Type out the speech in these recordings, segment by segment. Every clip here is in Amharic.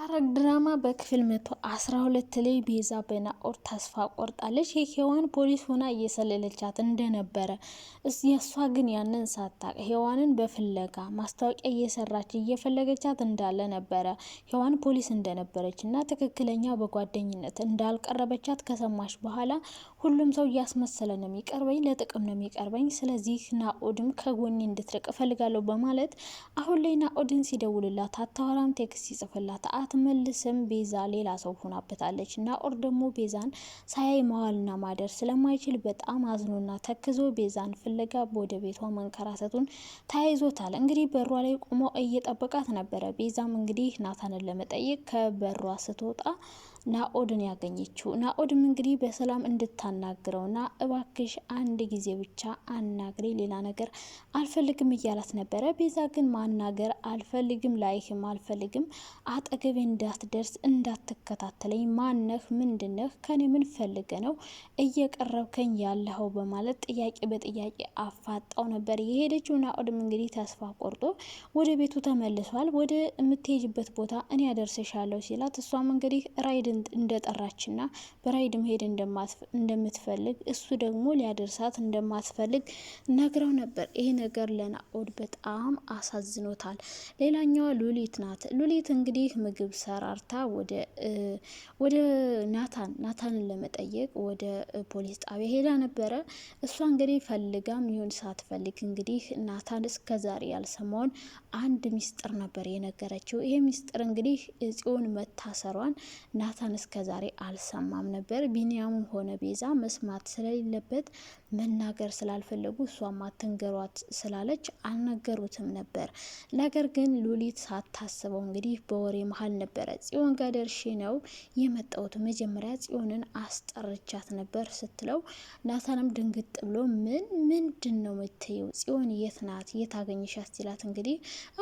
ሐረግ ድራማ በክፍል መቶ አስራ ሁለት ላይ ቤዛ በናኦር ተስፋ ቆርጣለች። ሄዋን ፖሊስ ሆና እየሰለለቻት እንደነበረ የእሷ ግን ያንን ሳታቅ ሄዋንን በፍለጋ ማስታወቂያ እየሰራች እየፈለገቻት እንዳለ ነበረ። ሄዋን ፖሊስ እንደነበረች እና ትክክለኛ በጓደኝነት እንዳልቀረበቻት ከሰማች በኋላ ሁሉም ሰው እያስመሰለ ነው የሚቀርበኝ፣ ለጥቅም ነው የሚቀርበኝ፣ ስለዚህ ናኦድም ከጎኔ እንድትርቅ እፈልጋለሁ በማለት አሁን ላይ ናኦድን ሲደውልላት አታወራም፣ ቴክስት ይጽፍላት መልስም ቤዛ ሌላ ሰው ሆናበታለች። ናኦር ደግሞ ቤዛን ሳያይ መዋልና ማደር ስለማይችል በጣም አዝኖና ተክዞ ቤዛን ፍለጋ ወደ ቤቷ መንከራተቱን ተያይዞታል። እንግዲህ በሯ ላይ ቆሞ እየጠበቃት ነበረ። ቤዛም እንግዲህ ናታንን ለመጠየቅ ከበሯ ስትወጣ ናኦድን ያገኘችው። ናኦድም እንግዲህ በሰላም እንድታናግረውና እባክሽ አንድ ጊዜ ብቻ አናግሬ ሌላ ነገር አልፈልግም እያላት ነበረ። ቤዛ ግን ማናገር አልፈልግም፣ ላይህም አልፈልግም፣ አጠገቤ እንዳትደርስ፣ እንዳትከታተለኝ፣ ማነህ? ምንድነህ? ከኔ ምን ፈልገ ነው እየቀረብከኝ ያለኸው? በማለት ጥያቄ በጥያቄ አፋጣው ነበር የሄደችው። ናኦድም እንግዲህ ተስፋ ቆርጦ ወደ ቤቱ ተመልሷል። ወደ የምትሄጅበት ቦታ እኔ ያደርሰሻለሁ ሲላት እሷም እንግዲህ ራይድን እንደጠራችና በራይድ መሄድ እንደምትፈልግ እሱ ደግሞ ሊያደርሳት እንደማትፈልግ ነግረው ነበር። ይሄ ነገር ለናኦድ በጣም አሳዝኖታል። ሌላኛዋ ሉሊት ናት። ሉሊት እንግዲህ ምግብ ሰራርታ ወደ ናታን ናታንን ለመጠየቅ ወደ ፖሊስ ጣቢያ ሄዳ ነበረ። እሷ እንግዲህ ፈልጋም ይሁን ሳትፈልግ እንግዲህ ናታን እስከ ዛሬ ያልሰማውን አንድ ሚስጥር ነበር የነገረችው። ይሄ ሚስጥር እንግዲህ ጽዮን መታሰሯን ናታ ናታን እስከ ዛሬ አልሰማም ነበር። ቢንያምም ሆነ ቤዛ መስማት ስለሌለበት መናገር ስላልፈለጉ እሷም አትንገሯት ስላለች አልነገሩትም ነበር። ነገር ግን ሉሊት ሳታስበው እንግዲህ በወሬ መሀል ነበረ ጽዮን ጋር ደርሼ ነው የመጣሁት። መጀመሪያ ጽዮንን አስጠርቻት ነበር ስትለው ናታንም ድንግጥ ብሎ ምን ምንድን ነው የምትይው? ጽዮን የት ናት? የት አገኘሻት? ሲላት እንግዲህ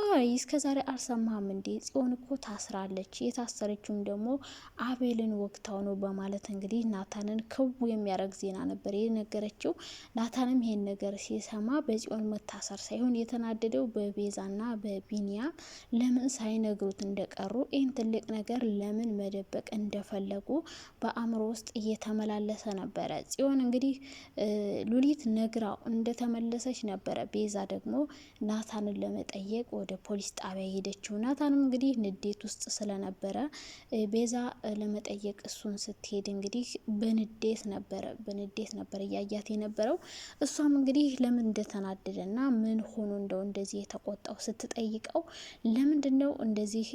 አይ እስከ ዛሬ አልሰማህም እንዴ? ጽዮን እኮ ታስራለች። የታሰረችውም ደግሞ አቤልን ወግታው ነው በማለት እንግዲህ ናታንን ክው የሚያደርግ ዜና ነበር የነገረችው። ናታንም ይሄን ነገር ሲሰማ በጽዮን መታሰር ሳይሆን የተናደደው በቤዛና በቢንያም ለምን ሳይነግሩት እንደቀሩ ይህን ትልቅ ነገር ለምን መደበቅ እንደፈለጉ በአእምሮ ውስጥ እየተመላለሰ ነበረ። ጽዮን እንግዲህ ሉሊት ነግራው እንደተመለሰች ነበረ። ቤዛ ደግሞ ናታንን ለመጠየቅ ወደ ፖሊስ ጣቢያ ሄደችው። ናታንም እንግዲህ ንዴት ውስጥ ስለነበረ ቤዛ ለመጠየቅ እሱን ስትሄድ እንግዲህ በንዴት ነበረ በንዴት ነበር እያያት የነበረው። እሷም እንግዲህ ለምን እንደተናደደ ና ምን ሆኖ እንደው እንደዚህ የተቆጣው ስትጠይቀው ለምንድን ነው እንደዚህ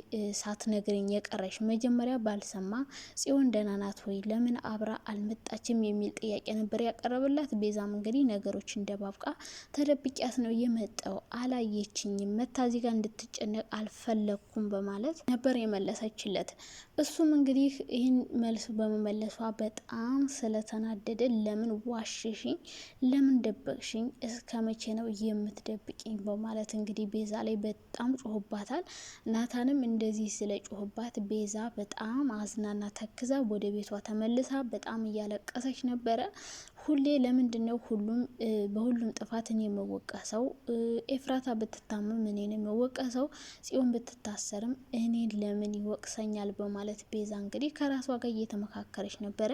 ነግርኝ የቀረሽ መጀመሪያ ባልሰማ ጽዮን ደህና ናት ወይ ለምን አብራ አልመጣችም የሚል ጥያቄ ነበር ያቀረበላት። ቤዛም እንግዲህ ነገሮች እንደባብቃ ተደብቂያት ነው የመጣው አላየችኝም፣ መታ እዚህ ጋር እንድትጨነቅ አልፈለግኩም በማለት ነበር የመለሰችለት። እሱም እንግዲህ ይህን መልስ በመመለሷ በጣም ስለተናደደ ለምን ዋሽሽኝ ለምን ደበቅሽኝ? እስከ መቼ ነው የምትደብቅኝ? በማለት እንግዲህ ቤዛ ላይ በጣም ጮህባታል። ናታንም እንደዚህ ስለ ጮህባት ቤዛ በጣም አዝናና ተክዛ ወደ ቤቷ ተመልሳ በጣም እያለቀሰች ነበረ። ሁሌ ለምንድን ነው ሁሉም በሁሉም ጥፋት እኔ የመወቀሰው? ኤፍራታ ብትታመም ነው የመወቀሰው፣ ጽዮን ብትታሰርም እኔ ለምን ይወቅሰኛል? በማለት ቤዛ እንግዲህ ከራሷ ጋር እየተመካከረች ነበረ።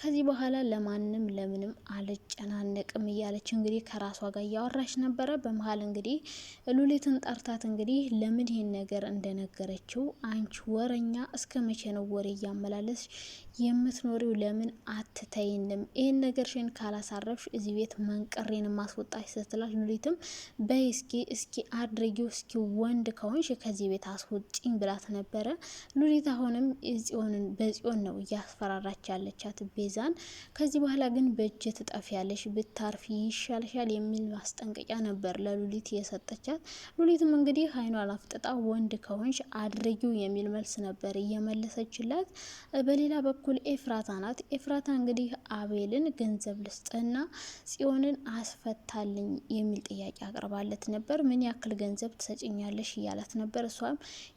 ከዚህ በኋላ ለማንም ለምንም አልጨናነቅም እያለች እንግዲህ ከራሷ ጋር እያወራች ነበረ። በመሀል እንግዲህ ሉሊትን ጠርታት እንግዲህ ለምን ይህን ነገር እንደነገረችው አንቺ ወረኛ እስከ መቼ ነው ወሬ እያመላለስ የምትኖሪው? ለምን አትተይንም? ይህን ነገር ራስሽን ካላሳረፍሽ እዚህ ቤት መንቀሬን ማስወጣሽ ስትላት ኑሪትም በይ እስኪ እስኪ አድርጊው እስኪ ወንድ ከሆንሽ ከዚህ ቤት አስወጪኝ ብላት ነበረ። ኑሪት አሁንም ጽዮንን በጽዮን ነው እያስፈራራች ያለቻት ቤዛን። ከዚህ በኋላ ግን በእጅ ትጠፊያለሽ ብታርፊ ይሻልሻል የሚል ማስጠንቀቂያ ነበር ለሉሊት የሰጠቻት። ሉሊትም እንግዲህ አይኗን አፍጥጣ ወንድ ከሆንሽ አድርጊው የሚል መልስ ነበር እየመለሰችላት። በሌላ በኩል ኤፍራታ ናት። ኤፍራታ እንግዲህ አቤልን ገንዘብ ገንዘብ ልስጥህና ጽዮንን አስፈታልኝ የሚል ጥያቄ አቅርባለት ነበር። ምን ያክል ገንዘብ ትሰጭኛለሽ እያላት ነበር። እሷም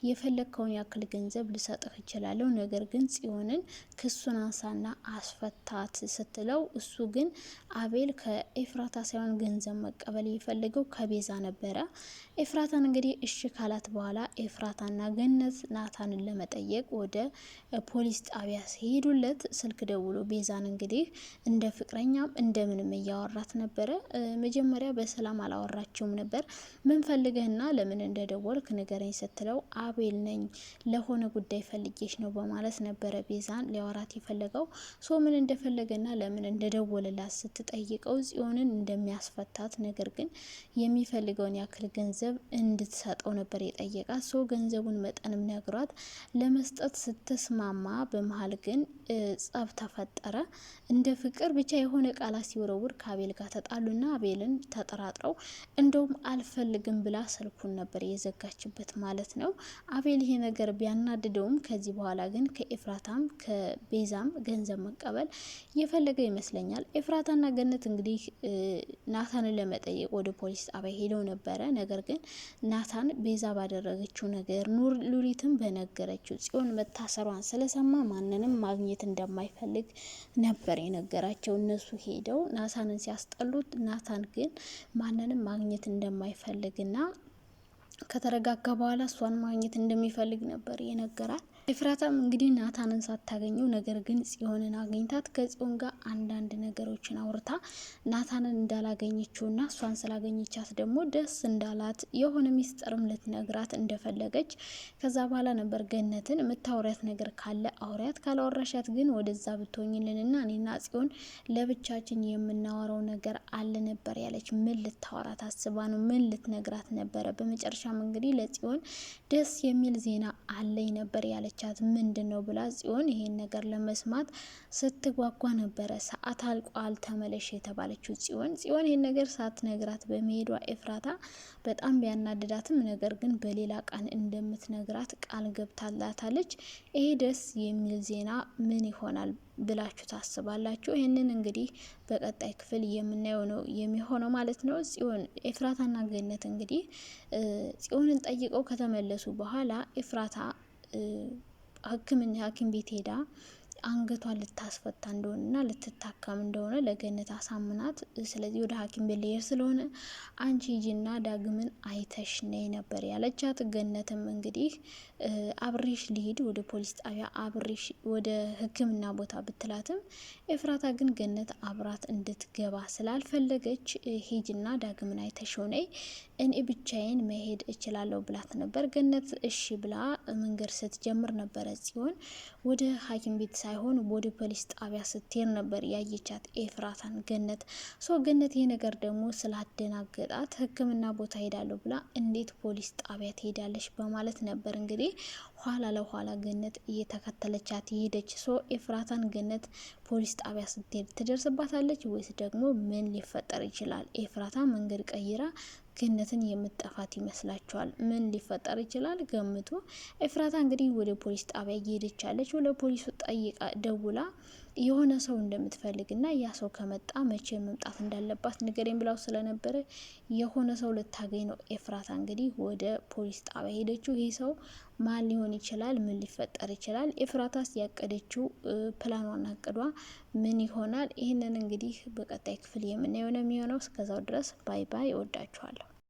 የፈለግከውን ያክል ገንዘብ ልሰጥህ እችላለሁ፣ ነገር ግን ጽዮንን ክሱን አንሳና አስፈታት ስትለው እሱ ግን አቤል ከኤፍራታ ሳይሆን ገንዘብ መቀበል የፈለገው ከቤዛ ነበረ። ኤፍራታን እንግዲህ እሺ ካላት በኋላ ኤፍራታና ገነት ናታንን ለመጠየቅ ወደ ፖሊስ ጣቢያ ሲሄዱለት ስልክ ደውሎ ቤዛን እንግዲህ እንደ ፍቅረኛ እኛም እንደምንም እያወራት ነበረ። መጀመሪያ በሰላም አላወራችውም ነበር። ምን ፈልገህና ለምን እንደደወልክ ንገረኝ ስትለው አቤል ነኝ ለሆነ ጉዳይ ፈልጌሽ ነው በማለት ነበረ ቤዛን ሊያወራት የፈለገው። ሶ ምን እንደፈለገና ለምን እንደደወለላት ስትጠይቀው ጽዮንን እንደሚያስፈታት ነገር ግን የሚፈልገውን ያክል ገንዘብ እንድትሰጠው ነበር የጠየቃት። ሶ ገንዘቡን መጠንም ነግሯት ለመስጠት ስትስማማ በመሀል ግን ጸብ ተፈጠረ እንደ ፍቅር ብቻ ያልሆነ ቃላት ሲወረውር ከአቤል ጋር ተጣሉና አቤልን ተጠራጥረው እንደውም አልፈልግም ብላ ስልኩን ነበር የዘጋችበት ማለት ነው። አቤል ይሄ ነገር ቢያናድደውም ከዚህ በኋላ ግን ከኤፍራታም ከቤዛም ገንዘብ መቀበል እየፈለገ ይመስለኛል። ኤፍራታና ገነት እንግዲህ ናታንን ለመጠየቅ ወደ ፖሊስ ጣቢያ ሄደው ነበረ። ነገር ግን ናታን ቤዛ ባደረገችው ነገር ኑር ሉሊትም በነገረችው ጽዮን መታሰሯን ስለሰማ ማንንም ማግኘት እንደማይፈልግ ነበር የነገራቸው እነሱ እነሱ ሄደው ናታንን ሲያስጠሉት ናታን ግን ማንንም ማግኘት እንደማይፈልግና ከተረጋጋ በኋላ እሷን ማግኘት እንደሚፈልግ ነበር የነገራት። ኤፍራታም እንግዲህ ናታንን ሳታገኘው ነገር ግን ጽዮንን አግኝታት ከጽዮን ጋር አንዳንድ ነገሮችን አውርታ ናታንን እንዳላገኘችውና እሷን ስላገኘቻት ደግሞ ደስ እንዳላት የሆነ ሚስጥርም ልትነግራት እንደፈለገች ከዛ በኋላ ነበር ገነትን የምታውሪያት ነገር ካለ አውሪያት፣ ካላወራሻት ግን ወደዛ ብትሆኝልንና እኔና ጽዮን ለብቻችን የምናወራው ነገር አለ ነበር ያለች። ምን ልታወራት አስባ ነው? ምን ልትነግራት ነበረ? በመጨረሻ በመጨረሻም እንግዲህ ለጽዮን ደስ የሚል ዜና አለኝ ነበር ያለቻት። ምንድን ነው ብላ ጽዮን ይሄን ነገር ለመስማት ስትጓጓ ነበረ። ሰዓት አልቋል ተመለሽ የተባለችው ጽዮን ጽዮን ይሄን ነገር ሳትነግራት በመሄዷ ኤፍራታ በጣም ቢያናድዳትም ነገር ግን በሌላ ቀን እንደምትነግራት ቃል ገብታላታለች። ይሄ ደስ የሚል ዜና ምን ይሆናል ብላችሁ ታስባላችሁ? ይህንን እንግዲህ በቀጣይ ክፍል የምናየው ነው የሚሆነው ማለት ነው። ጽዮን ኤፍራታና ገነት እንግዲህ ጽዮንን ጠይቀው ከተመለሱ በኋላ ኤፍራታ ሕክምና ሐኪም ቤት ሄዳ አንገቷን ልታስፈታ እንደሆነና ልትታከም እንደሆነ ለገነት አሳምናት። ስለዚህ ወደ ሐኪም ቤት ልሄድ ስለሆነ አንቺ ሂጂና ዳግምን አይተሽ ነይ ነበር ያለቻት። ገነትም እንግዲህ አብሬሽ ልሂድ ወደ ፖሊስ ጣቢያ አብሬሽ ወደ ሕክምና ቦታ ብትላትም ኤፍራታ ግን ገነት አብራት እንድትገባ ስላልፈለገች ሂጂና ዳግምን አይተሽ ሆነይ እኔ ብቻዬን መሄድ እችላለሁ ብላት ነበር። ገነት እሺ ብላ መንገድ ስትጀምር ነበረ ሲሆን ወደ ሐኪም ቤት ሳይሆን ቦዲ ፖሊስ ጣቢያ ስትሄድ ነበር ያየቻት ኤፍራታን ገነት። ሶ ገነት ይህ ነገር ደግሞ ስላደናገጣት ሕክምና ቦታ ሄዳለሁ ብላ እንዴት ፖሊስ ጣቢያ ትሄዳለች በማለት ነበር እንግዲህ ኋላ ለኋላ ገነት እየተከተለቻት ይሄደች። ሶ ኤፍራታን ገነት ፖሊስ ጣቢያ ስትሄድ ትደርስባታለች ወይስ ደግሞ ምን ሊፈጠር ይችላል? ኤፍራታ መንገድ ቀይራ ገነትን የምጠፋት ይመስላችኋል? ምን ሊፈጠር ይችላል? ገምቱ። ኤፍራታ እንግዲህ ወደ ፖሊስ ጣቢያ እየሄደች ያለች ወደ ፖሊሱ ጠይቃ ደውላ የሆነ ሰው እንደምትፈልግ እና ያ ሰው ከመጣ መቼ መምጣት እንዳለባት ንገረኝ ብላው ስለነበረ የሆነ ሰው ልታገኝ ነው ኤፍራታ እንግዲህ ወደ ፖሊስ ጣቢያ ሄደችው። ይህ ሰው ማን ሊሆን ይችላል? ምን ሊፈጠር ይችላል? ኤፍራታስ ያቀደችው ፕላኗና እቅዷ ምን ይሆናል? ይህንን እንግዲህ በቀጣይ ክፍል የምናየው ነው የሚሆነው። እስከዛው ድረስ ባይ ባይ። እወዳችኋለሁ።